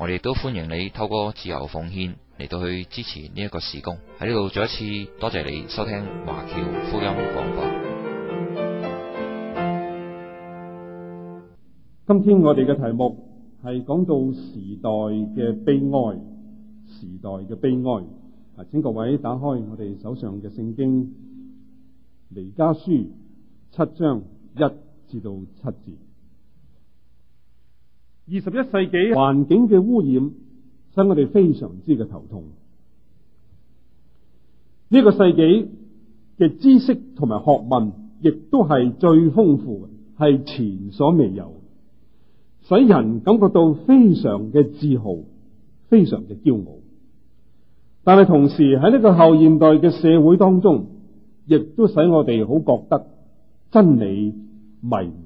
我哋都歡迎你透過自由奉獻嚟到去支持呢一個事工。喺呢度再一次多謝你收聽華僑福音廣播。今天我哋嘅題目係講到時代嘅悲哀，時代嘅悲哀。啊，請各位打開我哋手上嘅聖經《彌迦書》七章一至到七節。二十一世紀環境嘅污染使我哋非常之嘅頭痛。呢個世紀嘅知識同埋學問亦都係最豐富，係前所未有，使人感覺到非常嘅自豪，非常嘅驕傲。但係同時喺呢個後現代嘅社會當中，亦都使我哋好覺得真理迷糊，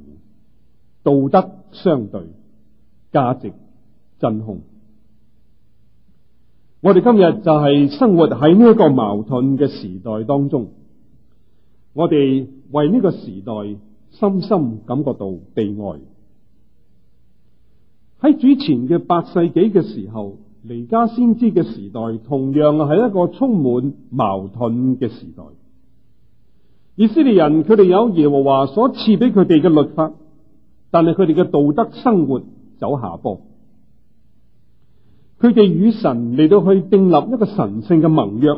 道德相對，價值真空。我哋今日就係生活喺呢一個矛盾嘅時代當中，我哋為呢個時代深深感覺到悲哀。喺主前嘅八世紀嘅時候，彌迦先知嘅時代同樣係一個充滿矛盾嘅時代。以色列人佢哋有耶和華所賜俾佢哋嘅律法，但係佢哋嘅道德生活。走下坡，佢哋與神嚟到去訂立一個神聖嘅盟約，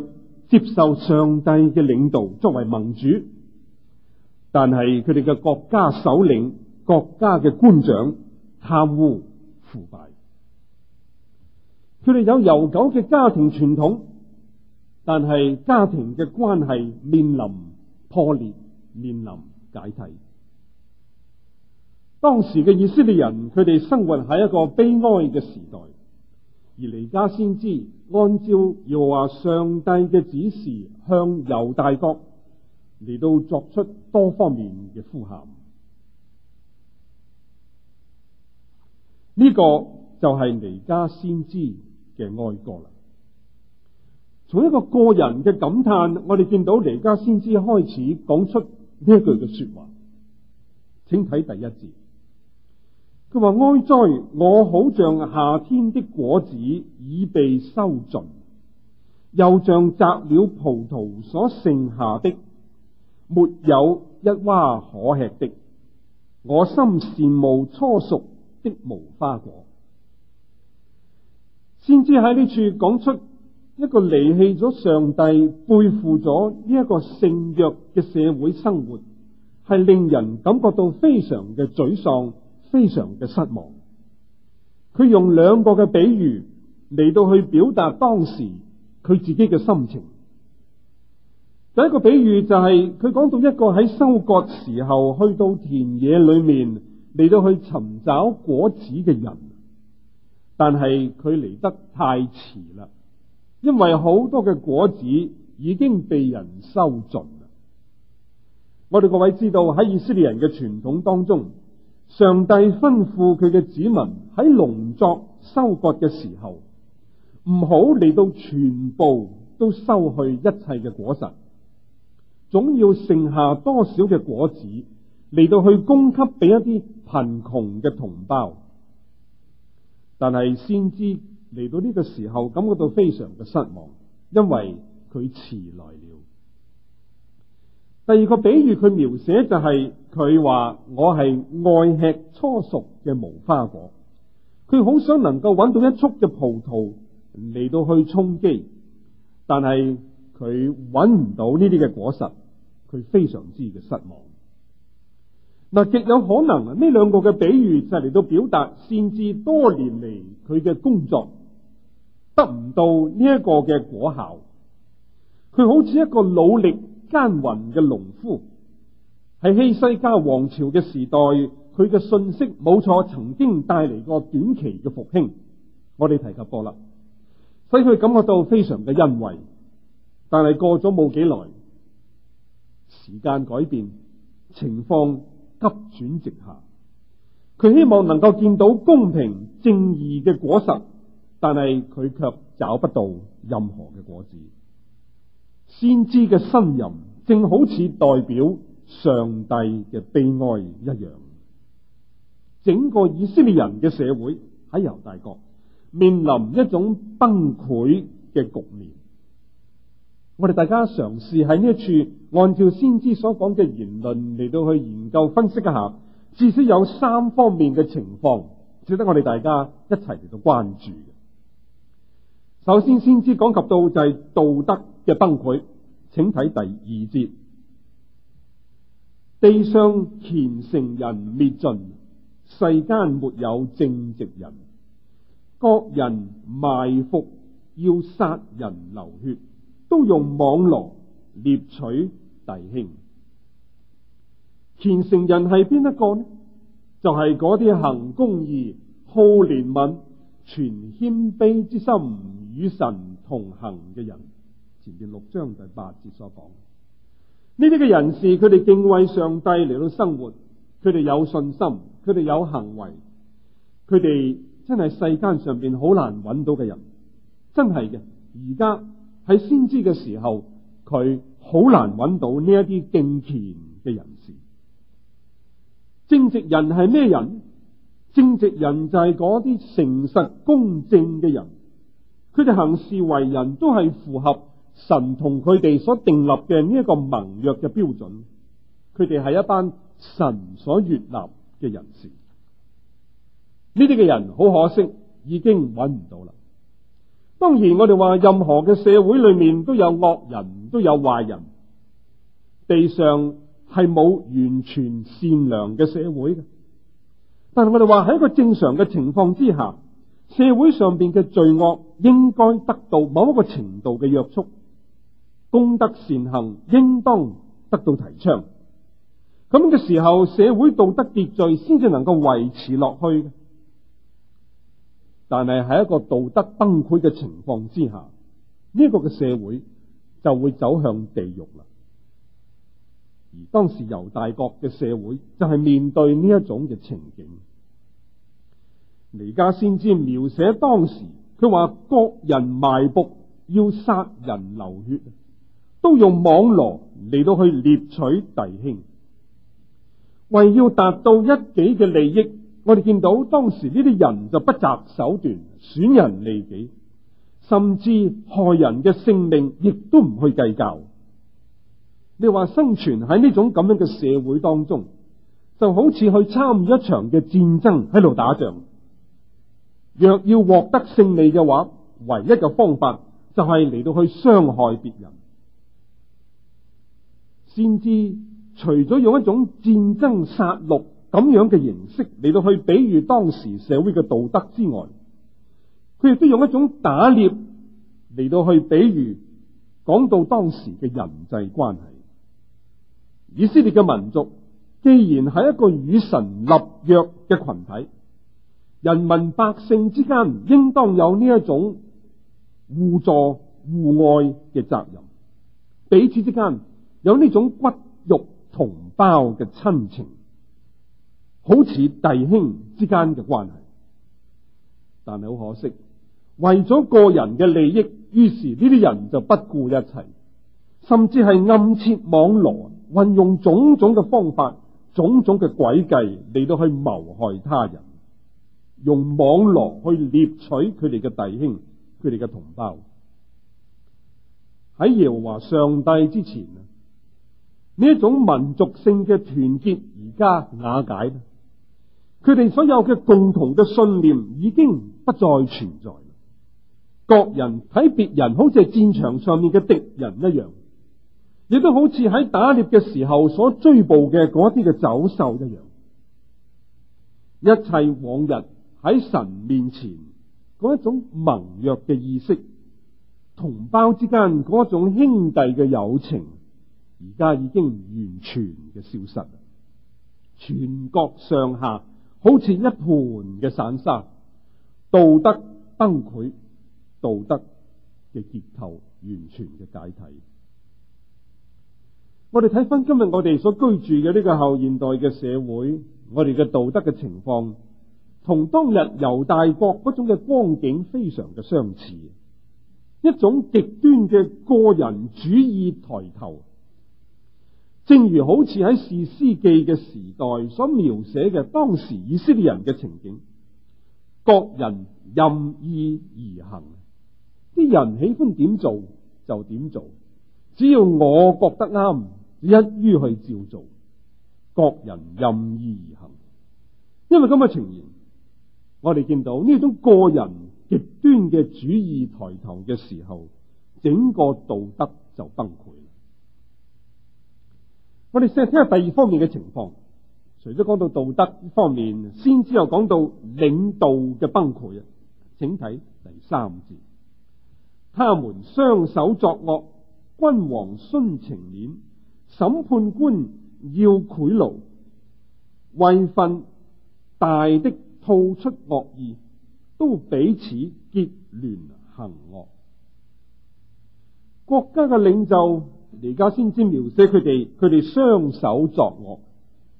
接受上帝嘅領導作為盟主，但係佢哋嘅國家首領、國家嘅官長貪污腐敗，佢哋有悠久嘅家庭傳統，但係家庭嘅關係面臨破裂，面臨解體。當時嘅以色列人，佢哋生活喺一個悲哀嘅時代，而彌迦先知按照耶和華上帝嘅指示，向猶大國嚟到作出多方面嘅呼喊。呢、這個就係彌迦先知嘅哀歌啦。從一個個人嘅感歎，我哋見到彌迦先知開始講出呢一句嘅說話，請睇第一節。佢話哀哉！我好像夏天的果子已被收盡，又像摘了葡萄所剩下的，沒有一掛可吃的。我心羨慕初熟的無花果。先知喺呢處講出一個離棄咗上帝、背負咗呢一個聖約嘅社會生活，係令人感覺到非常嘅沮喪，非常嘅失望，佢用兩個嘅比喻嚟到去表達當時佢自己嘅心情。第一個比喻就係佢講到一個喺收割時候去到田野裏面嚟到去尋找果子嘅人，但係佢嚟得太遲啦，因為好多嘅果子已經被人收盡啦。我哋各位知道喺以色列人嘅傳統當中，上帝吩咐佢嘅子民喺農作收割嘅時候，唔好嚟到全部都收去一切嘅果實，總要剩下多少嘅果子嚟到去供給俾一啲貧窮嘅同胞。但係先知嚟到呢個時候，感覺到非常嘅失望，因為佢遲來了。第二個比喻佢描寫就係佢話我係愛吃初熟嘅無花果，佢好想能夠揾到一束嘅葡萄嚟到去充飢，但係佢揾唔到呢啲嘅果實，佢非常之嘅失望。嗱，極有可能呢兩個嘅比喻就嚟到表達，先知多年嚟佢嘅工作得唔到呢一個嘅果效，佢好似一個努力。耕耘嘅農夫，喺希西家王朝嘅時代，佢嘅信息冇錯，曾經帶嚟過短期嘅復興，我哋提及過啦，使佢感覺到非常嘅欣慰。但係過咗冇幾耐，時間改變，情況急轉直下。佢希望能夠見到公平正義嘅果實，但係佢卻找不到任何嘅果子。先知嘅呻吟，正好似代表上帝嘅悲哀一樣。整個以色列人嘅社會喺猶大國面臨一種崩潰嘅局面。我哋大家嘗試喺呢一處，按照先知所講嘅言論嚟到去研究分析一下，至少有三方面嘅情況值得我哋大家一齊嚟到關注嘅。首先，先知講及到就係道德。嘅崩潰，請睇第二節：地上虔誠人滅盡，世間沒有正直人，各人埋伏要殺人流血，都用網羅獵取弟兄。虔誠人係邊一個呢？就係嗰啲行公義、好憐憫、全謙卑之心與神同行嘅人。前面六章第八節所講，呢啲嘅人士，佢哋敬畏上帝嚟到生活，佢哋有信心，佢哋有行為，佢哋真係世間上邊好難揾到嘅人，真係嘅。而家喺先知嘅時候，佢好難揾到呢一啲敬虔嘅人士。正直人係咩人？正直人就係嗰啲誠實公正嘅人，佢哋行事為人都係符合。神同佢哋所訂立嘅呢一個盟約嘅標準，佢哋係一班神所悅納嘅人士。呢啲嘅人好可惜，已經揾唔到啦。當然，我哋話任何嘅社會裏面都有惡人，都有壞人。地上係冇完全善良嘅社會嘅，但係我哋話喺一個正常嘅情況之下，社會上邊嘅罪惡應該得到某一個程度嘅約束。功德善行應當得到提倡，咁嘅時候，社會道德秩序先至能夠維持落去。但係喺一個道德崩潰嘅情況之下，呢一個嘅社會就會走向地獄啦。而當時猶大國嘅社會就係面對呢一種嘅情景。彌迦先知描寫當時，佢話國人埋伏要殺人流血。都用網羅嚟到去獵取弟兄，為要達到一己嘅利益。我哋見到當時呢啲人就不擇手段，損人利己，甚至害人嘅性命，亦都唔去計較。你話生存喺呢種咁樣嘅社會當中，就好似去參與一場嘅戰爭喺度打仗。若要獲得勝利嘅話，唯一嘅方法就係嚟到去傷害別人。先知除咗用一種戰爭殺戮咁樣嘅形式嚟到去比喻當時社會嘅道德之外，佢亦都用一種打獵嚟到去比喻講到當時嘅人際關係。以色列嘅民族既然係一個與神立約嘅群體，人民百姓之間應當有呢一種互助互愛嘅責任，彼此之間。有呢種骨肉同胞嘅親情，好似弟兄之間嘅關係，但係好可惜，為咗個人嘅利益，於是呢啲人就不顧一切，甚至係暗設網羅，運用種種嘅方法、種種嘅詭計嚟到去謀害他人，用網絡去獵取佢哋嘅弟兄、佢哋嘅同胞。喺耶和華上帝之前。呢一種民族性嘅團結而家瓦解，佢哋所有嘅共同嘅信念已經不再存在了。各人睇別人好似係戰場上面嘅敵人一樣，亦都好似喺打獵嘅時候所追捕嘅嗰啲嘅走獸一樣。一切往日喺神面前嗰一種盟約嘅意識，同胞之間嗰一種兄弟嘅友情。而家已經完全嘅消失啦，全國上下好似一盤嘅散沙，道德崩潰，道德嘅結構完全嘅解體。我哋睇翻，今日我哋所居住嘅呢個後現代嘅社會，我哋嘅道德嘅情況，同當日猶大國嗰種嘅光景非常嘅相似，一種極端嘅個人主義抬頭。正如好似喺《士師記》嘅時代所描寫嘅，當時以色列人嘅情景，各人任意而行，啲人喜歡點做就點做，只要我覺得啱，一於去照做，各人任意而行。因為咁嘅情形，我哋見到呢種個人極端嘅主義抬頭嘅時候，整個道德就崩潰。我哋先聽下第二方面嘅情況，除咗講到道德呢方面，先之後講到領導嘅崩潰啊，請睇第三節，他們雙手作惡，君王徇情面，審判官要賄賂，位分大的吐出惡意，都彼此結聯，行惡，國家嘅領袖。而家先知描寫佢哋，佢哋雙手作惡，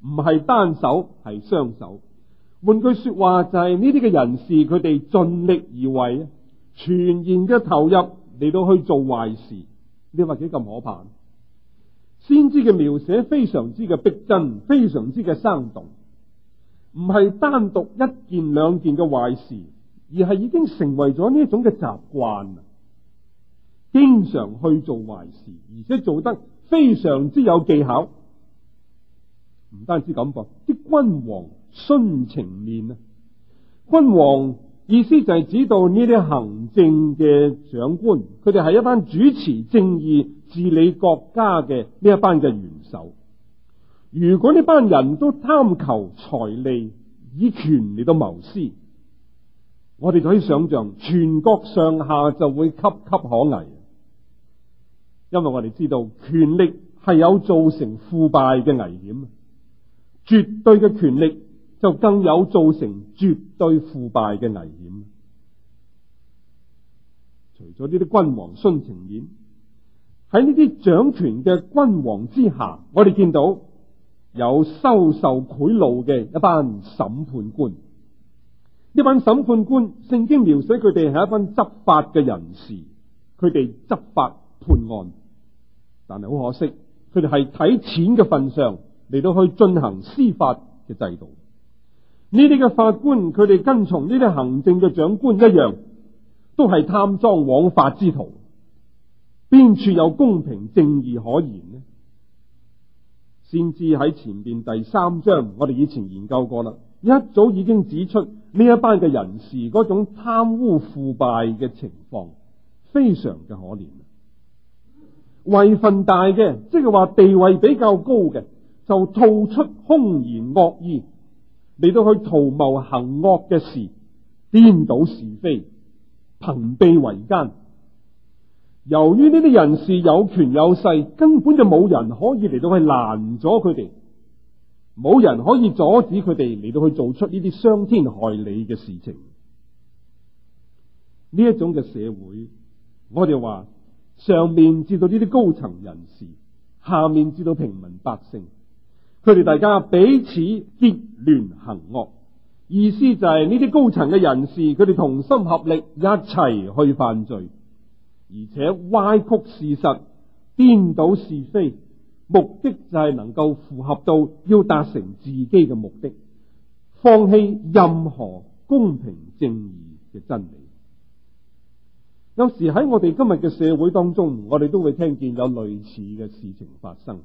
唔係單手，係雙手。換句說話就係呢啲嘅人士，佢哋盡力而為，全然嘅投入嚟到去做壞事。你話幾咁可怕？先知嘅描寫非常之嘅逼真，非常之嘅生動，唔係單獨一件兩件嘅壞事，而係已經成為咗呢一種嘅習慣。經常去做壞事，而且做得非常之有技巧。唔單止咁噃，啲君王徇情面啊！君王意思就係指到呢啲行政嘅長官，佢哋係一班主持正義、治理國家嘅呢一班嘅元首。如果呢班人都貪求財利，以權嚟到謀私，我哋就可以想象全國上下就會岌岌可危。因為我哋知道，權力係有造成腐敗嘅危險，絕對嘅權力就更有造成絕對腐敗嘅危險。除咗呢啲君王殉情演，喺呢啲掌權嘅君王之下，我哋見到有收受賄賂嘅一班審判官。呢班審判官，聖經描寫佢哋係一班執法嘅人士，佢哋執法。判案，但係好可惜，佢哋係睇錢嘅份上嚟到去進行司法嘅制度。呢啲嘅法官，佢哋跟從呢啲行政嘅長官一樣，都係貪贓枉法之徒。邊處有公平正義可言呢？先知喺前邊第三章，我哋以前研究過啦，一早已經指出呢一班嘅人士嗰種貪污腐敗嘅情況，非常嘅可憐。位份大嘅，即係話地位比較高嘅，就吐出空言惡意，嚟到去圖謀行惡嘅事，顛倒是非，朋比為奸。由於呢啲人士有權有勢，根本就冇人可以嚟到去攔咗佢哋，冇人可以阻止佢哋嚟到去做出呢啲傷天害理嘅事情。呢一種嘅社會，我哋話。上面至到呢啲高層人士，下面至到平民百姓，佢哋大家彼此結聯行惡，意思就係呢啲高層嘅人士，佢哋同心合力一齊去犯罪，而且歪曲事實，顛倒是非，目的就係能夠符合到要達成自己嘅目的，放棄任何公平正義嘅真理。有時喺我哋今日嘅社會當中，我哋都會聽見有類似嘅事情發生。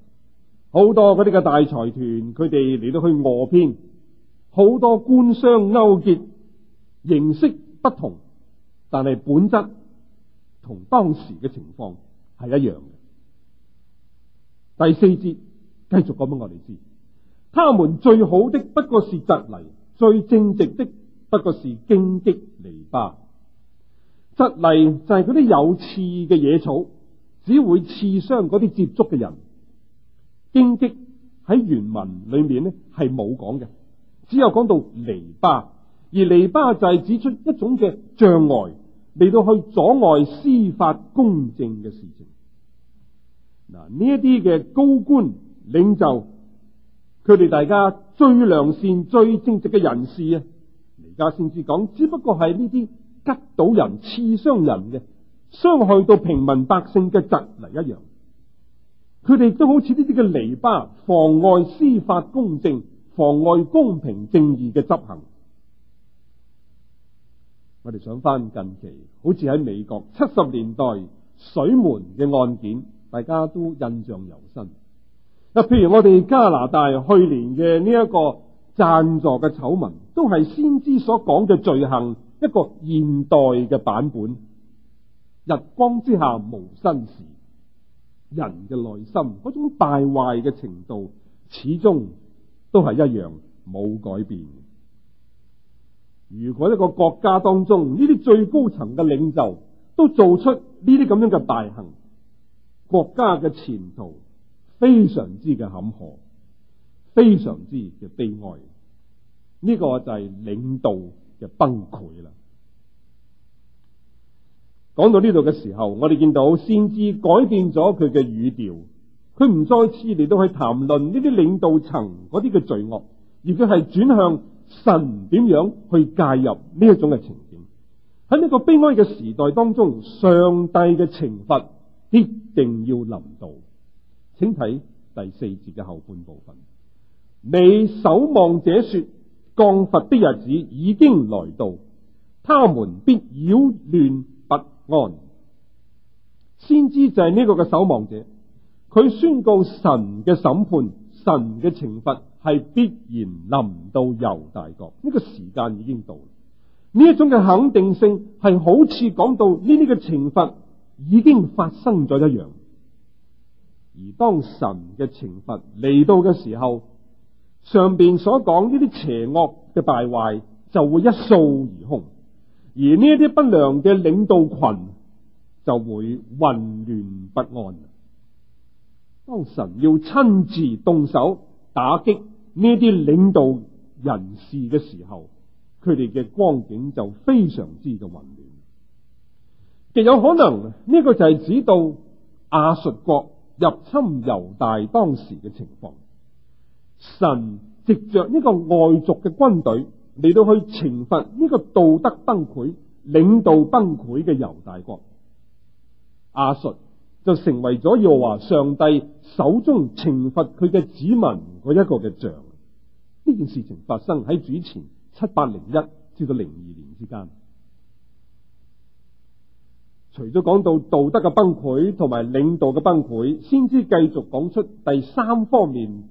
好多嗰啲嘅大財團，佢哋嚟到去訛騙，好多官商勾結，形式不同，但係本質同當時嘅情況係一樣嘅。第四節繼續講俾我哋知，他們最好的不過是蒺藜；最正直的不過是荊棘籬笆。蒺藜就係嗰啲有刺嘅野草，只會刺傷嗰啲接觸嘅人。荊棘喺原文裏面呢係冇講嘅，只有講到籬笆，而籬笆就係指出一種嘅障礙，嚟到去阻礙司法公正嘅事情。嗱，呢一啲嘅高官領袖，佢哋大家最良善、最正直嘅人士啊，而家先至講，只不過係呢啲。吉到人刺傷人嘅，傷害到平民百姓嘅疾嚟一樣。佢哋都好似呢啲嘅泥巴，妨礙司法公正，妨礙公平正義嘅執行。我哋想翻近期，好似喺美國七十年代水門嘅案件，大家都印象尤深。嗱，譬如我哋加拿大去年嘅呢一個贊助嘅醜聞，都係先知所講嘅罪行。一個現代嘅版本，日光之下無新事，人嘅內心嗰種大壞嘅程度，始終都係一樣冇改變。如果一個國家當中呢啲最高層嘅領袖都做出呢啲咁樣嘅大行，國家嘅前途非常之嘅坎坷，非常之嘅悲哀。呢個就係領導。就崩潰啦！講到呢度嘅時候，我哋見到先知改變咗佢嘅語調，佢唔再次嚟到去談論呢啲領導層嗰啲嘅罪惡，而佢係轉向神點樣去介入呢一種嘅情景。喺呢個悲哀嘅時代當中，上帝嘅懲罰必定要臨到。請睇第四節嘅後半部分。你守望者說。降罰的日子已經來到，他們必擾亂不安。先知就係呢個嘅守望者，佢宣告神嘅審判、神嘅懲罰係必然臨到猶大國。呢、這個時間已經到了，呢一種嘅肯定性係好似講到呢啲嘅懲罰已經發生咗一樣。而當神嘅懲罰嚟到嘅時候。上邊所講呢啲邪惡嘅敗壞就會一掃而空，而呢啲不良嘅領導群就會混亂不安。當神要親自動手打擊呢啲領導人士嘅時候，佢哋嘅光景就非常之嘅混亂。極有可能呢個就係指到亞述國入侵猶大當時嘅情況。神藉着呢個外族嘅軍隊嚟到去懲罰呢個道德崩潰、領導崩潰嘅猶大國，阿術就成為咗耶和華上帝手中懲罰佢嘅子民嗰一個嘅像。呢件事情發生喺主前七百零一至到零二年之間。除咗講到道德嘅崩潰同埋領導嘅崩潰，先知繼續講出第三方面。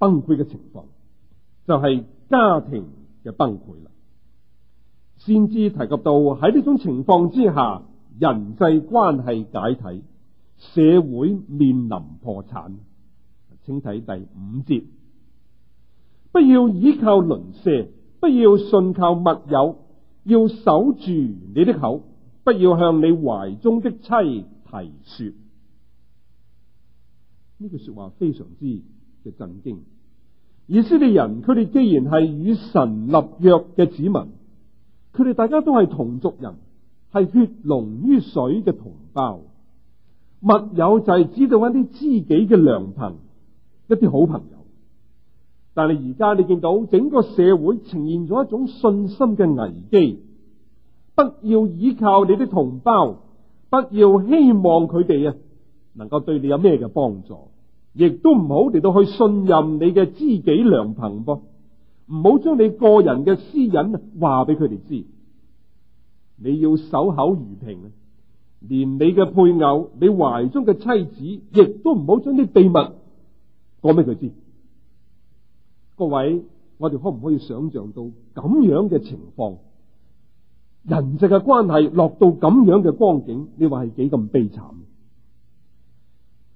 崩潰嘅情況就係、是、家庭嘅崩潰啦。先至提及到喺呢種情況之下，人際關係解體，社會面臨破產。請睇第五節，不要倚靠鄰舍，不要信靠密友，要守住你的口，不要向你懷中的妻提說。呢、這、句、個、說話非常之嘅震驚，以色列人佢哋既然係與神立約嘅子民，佢哋大家都係同族人，係血濃於水嘅同胞，密友就係知道一啲知己嘅良朋，一啲好朋友。但係而家你見到整個社會呈現咗一種信心嘅危機，不要依靠你啲同胞，不要希望佢哋啊能夠對你有咩嘅幫助。亦都唔好嚟到去信任你嘅知己良朋噃，唔好將你個人嘅私隱話俾佢哋知。你要守口如瓶，連你嘅配偶、你懷中嘅妻子，亦都唔好將啲秘密講俾佢知。各位，我哋可唔可以想象到咁樣嘅情況？人際嘅關係落到咁樣嘅光景，你話係幾咁悲慘？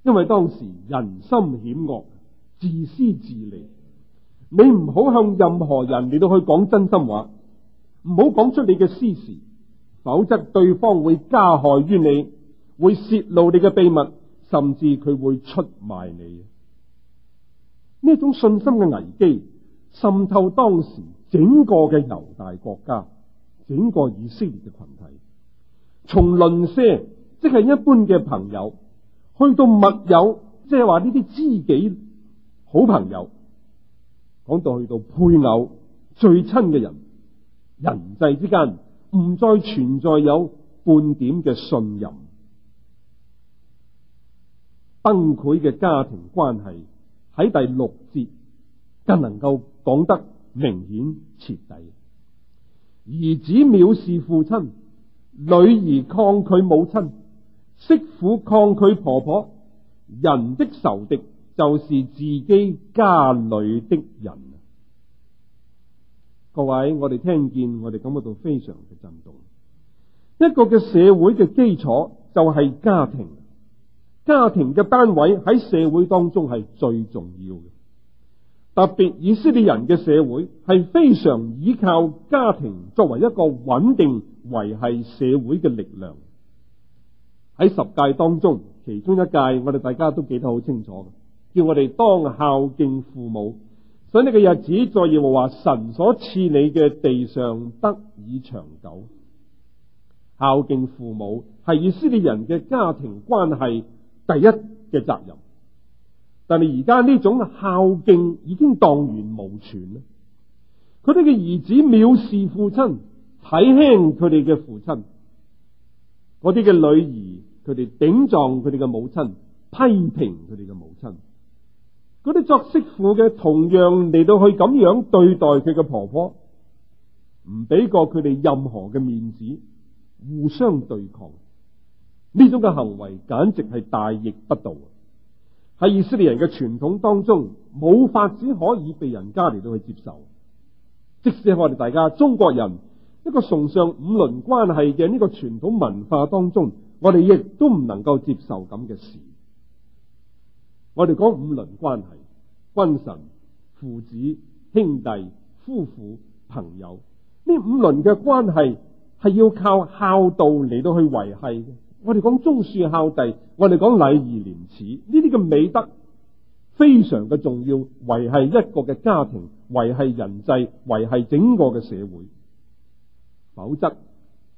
因為當時人心險惡、自私自利，你唔好向任何人嚟到去講真心話，唔好講出你嘅私事，否則對方會加害於你，會洩露你嘅秘密，甚至佢會出賣你。呢種信心嘅危機滲透當時整個嘅猶大國家，整個以色列嘅群體，從鄰舍即係一般嘅朋友。去到密友，即係話呢啲知己、好朋友，講到去到配偶、最親嘅人，人際之間唔再存在有半點嘅信任。崩潰嘅家庭關係喺第六節更能夠講得明顯徹底。兒子藐視父親，女兒抗拒母親。媳婦抗拒婆婆，人的仇敵就是自己家裏的人。各位，我哋聽見，我哋感覺到非常嘅震動。一個嘅社會嘅基礎就係家庭，家庭嘅單位喺社會當中係最重要嘅。特別以色列人嘅社會係非常依靠家庭作為一個穩定維繫社會嘅力量。喺十誡當中，其中一誡我哋大家都記得好清楚，叫我哋當孝敬父母。所以呢個日子再說，再要話神所賜你嘅地上得以長久，孝敬父母係以色列人嘅家庭關係第一嘅責任。但係而家呢種孝敬已經蕩然無存啦。佢哋嘅兒子藐視父親，睇輕佢哋嘅父親。嗰啲嘅女兒，佢哋頂撞佢哋嘅母親，批評佢哋嘅母親；嗰啲作媳婦嘅，同樣嚟到去咁樣對待佢嘅婆婆，唔俾過佢哋任何嘅面子，互相對抗。呢種嘅行為簡直係大逆不道，喺以色列人嘅傳統當中，冇法子可以被人家嚟到去接受。即使係我哋大家中國人。一個崇尚五倫關係嘅呢個傳統文化當中，我哋亦都唔能夠接受咁嘅事。我哋講五倫關係，君臣、父子、兄弟、夫婦、朋友，呢五倫嘅關係係要靠孝道嚟到去維繫嘅。我哋講忠恕孝弟，我哋講禮義廉恥，呢啲嘅美德非常嘅重要，維繫一個嘅家庭，維繫人際，維繫整個嘅社會。否則，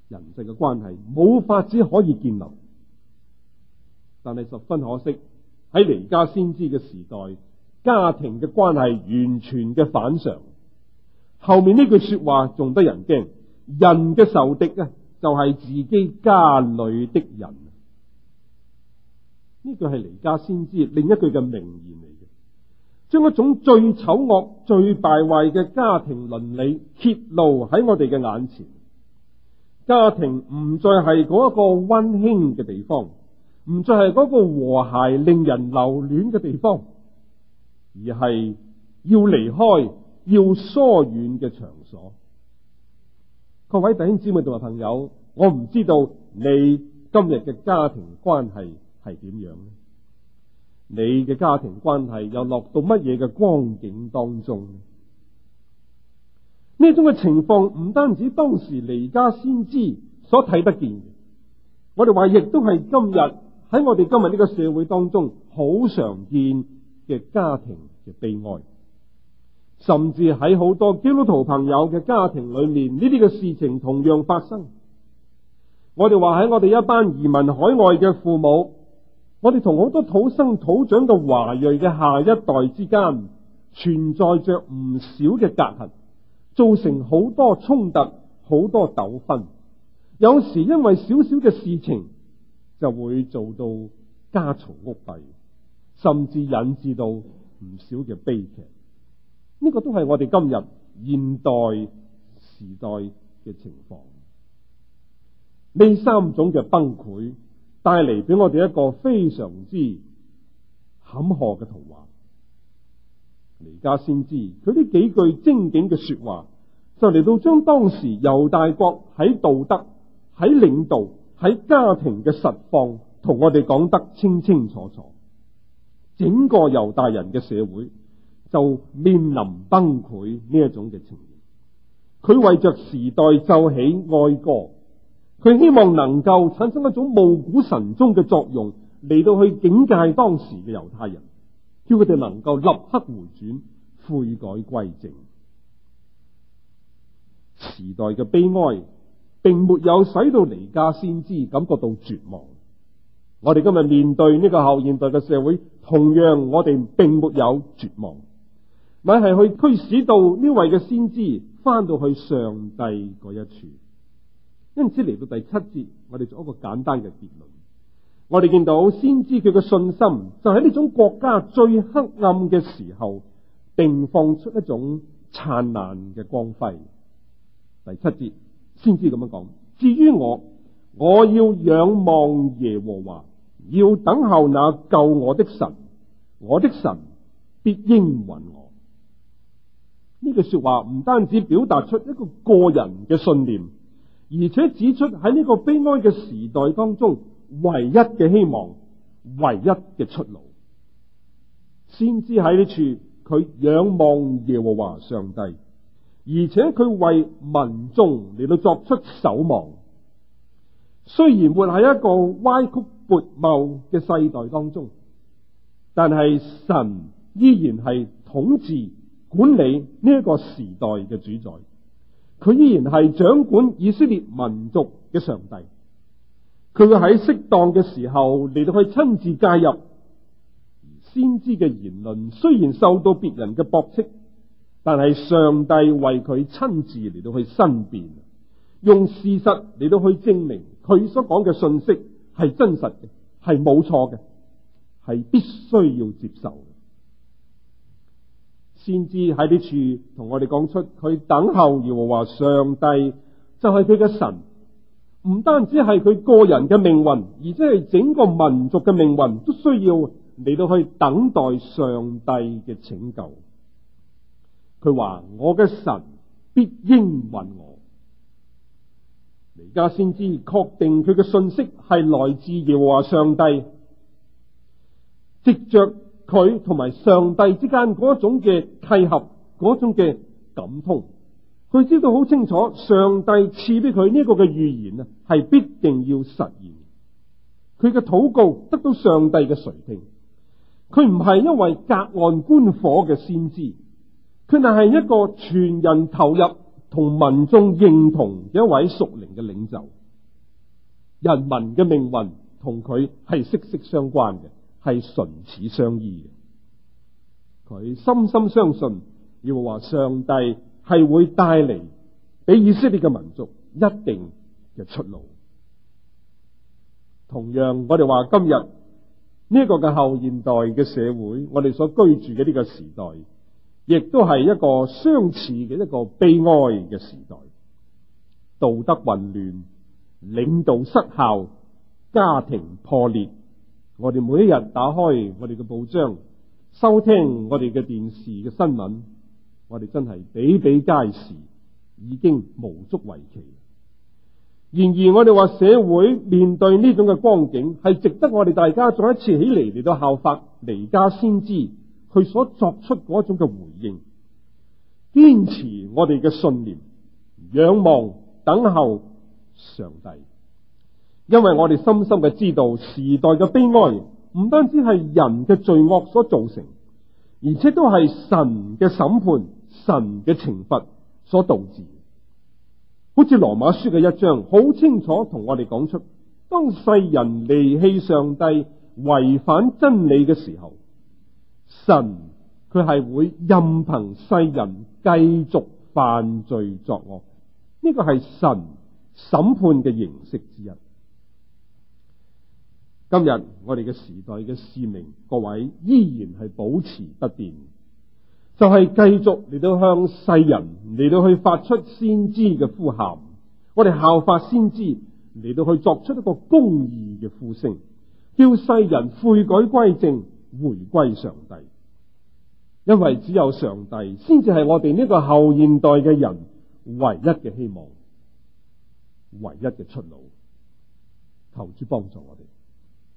人際嘅關係冇法子可以建立。但係十分可惜，喺彌迦先知嘅時代，家庭嘅關係完全嘅反常。後面呢句說話仲得人驚，人嘅仇敵呢就係自己家裏的人。呢句係彌迦先知另一句嘅名言嚟嘅，將一種最醜惡、最敗壞嘅家庭倫理揭露喺我哋嘅眼前。家庭唔再係嗰一個溫馨嘅地方，唔再係嗰個和諧、令人留戀嘅地方，而係要離開、要疏遠嘅場所。各位弟兄姊妹同埋朋友，我唔知道你今日嘅家庭關係係點樣，你嘅家庭關係又落到乜嘢嘅光景當中？呢種嘅情況唔單止當時彌迦先知所睇得見嘅，我哋話亦都係今日喺我哋今日呢個社會當中好常見嘅家庭嘅悲哀，甚至喺好多基督徒朋友嘅家庭裏面，呢啲嘅事情同樣發生。我哋話喺我哋一班移民海外嘅父母，我哋同好多土生土長嘅華裔嘅下一代之間存在著唔少嘅隔閡。造成好多衝突、好多糾紛，有時因為小小嘅事情就會做到家嘈屋閉，甚至引致到唔少嘅悲劇。呢、這個都係我哋今日現代時代嘅情況。呢三種嘅崩潰帶嚟俾我哋一個非常之坎坷嘅圖畫。而家先知佢呢幾句精警嘅說話，就嚟到將當時猶大國喺道德、喺領導、喺家庭嘅實況，同我哋講得清清楚楚。整個猶大人嘅社會就面臨崩潰呢一種嘅情形。佢為着時代奏起哀歌，佢希望能夠產生一種暮鼓晨鐘嘅作用，嚟到去警戒當時嘅猶太人。叫佢哋能夠立刻回轉、悔改歸正。時代嘅悲哀，並沒有使到彌迦先知感覺到絕望。我哋今日面對呢個後現代嘅社會，同樣我哋並沒有絕望，咪係去驅使到呢位嘅先知翻到去上帝嗰一處。因此嚟到第七節，我哋做一個簡單嘅結論。我哋見到先知佢嘅信心，就喺呢種國家最黑暗嘅時候，並放出一種燦爛嘅光輝。第七節先知咁樣講：至於我，我要仰望耶和華，要等候那救我的神，我的神必應允我。呢句說話唔單止表達出一個個人嘅信念，而且指出喺呢個悲哀嘅時代當中，唯一嘅希望，唯一嘅出路，先知喺呢處佢仰望耶和華上帝，而且佢為民眾嚟到作出守望。雖然活喺一個歪曲悖謬嘅世代當中，但係神依然係統治管理呢一個時代嘅主宰，佢依然係掌管以色列民族嘅上帝。佢會喺適當嘅時候嚟到去親自介入，先知嘅言論雖然受到別人嘅駁斥，但係上帝為佢親自嚟到去申辯，用事實嚟到去證明佢所講嘅信息係真實嘅，係冇錯嘅，係必須要接受。先知喺呢處同我哋講出佢等候耶和華上帝就係佢嘅神。唔單止係佢個人嘅命運，而且係整個民族嘅命運，都需要嚟到去等待上帝嘅拯救。佢話：我嘅神必應允我。而家先知確定佢嘅信息係來自耶和華上帝，藉着佢同埋上帝之間嗰種嘅契合，嗰種嘅感通。佢知道好清楚，上帝賜俾佢呢一個嘅預言啊，係必定要實現的。佢嘅禱告得到上帝嘅垂聽。佢唔係一位隔岸觀火嘅先知，佢那係一個全人投入同民眾認同嘅一位屬靈嘅領袖。人民嘅命運同佢係息息相關嘅，係唇齒相依嘅。佢深深相信，要話上帝。係會帶嚟俾以色列嘅民族一定嘅出路。同樣我們說今天，我哋話今日呢個嘅後現代嘅社會，我哋所居住嘅呢個時代，亦都係一個相似嘅一個悲哀嘅時代。道德混亂、領導失效、家庭破裂，我哋每一日打開我哋嘅報章、收聽我哋嘅電視嘅新聞。我哋真係比比皆是，已經無足為奇。然而我哋話社會面對呢種嘅光景，係值得我哋大家再一次起嚟，嚟到效法彌迦先知佢所作出嗰種嘅回應，堅持我哋嘅信念，仰望等候上帝。因為我哋深深嘅知道，時代嘅悲哀唔單止係人嘅罪惡所造成，而且都係神嘅審判。神嘅懲罰所導致，好似羅馬書嘅一章，好清楚同我哋講出，當世人離棄上帝、違反真理嘅時候，神佢係會任憑世人繼續犯罪作惡，呢個係神審判嘅形式之一。今日我哋嘅時代嘅使命，各位依然係保持不變。就係繼續嚟到向世人嚟到去發出先知嘅呼喊，我哋效法先知嚟到去作出一個公義嘅呼聲，叫世人悔改歸正，回歸上帝。因為只有上帝先至係我哋呢個後現代嘅人唯一嘅希望，唯一嘅出路，求主幫助我哋。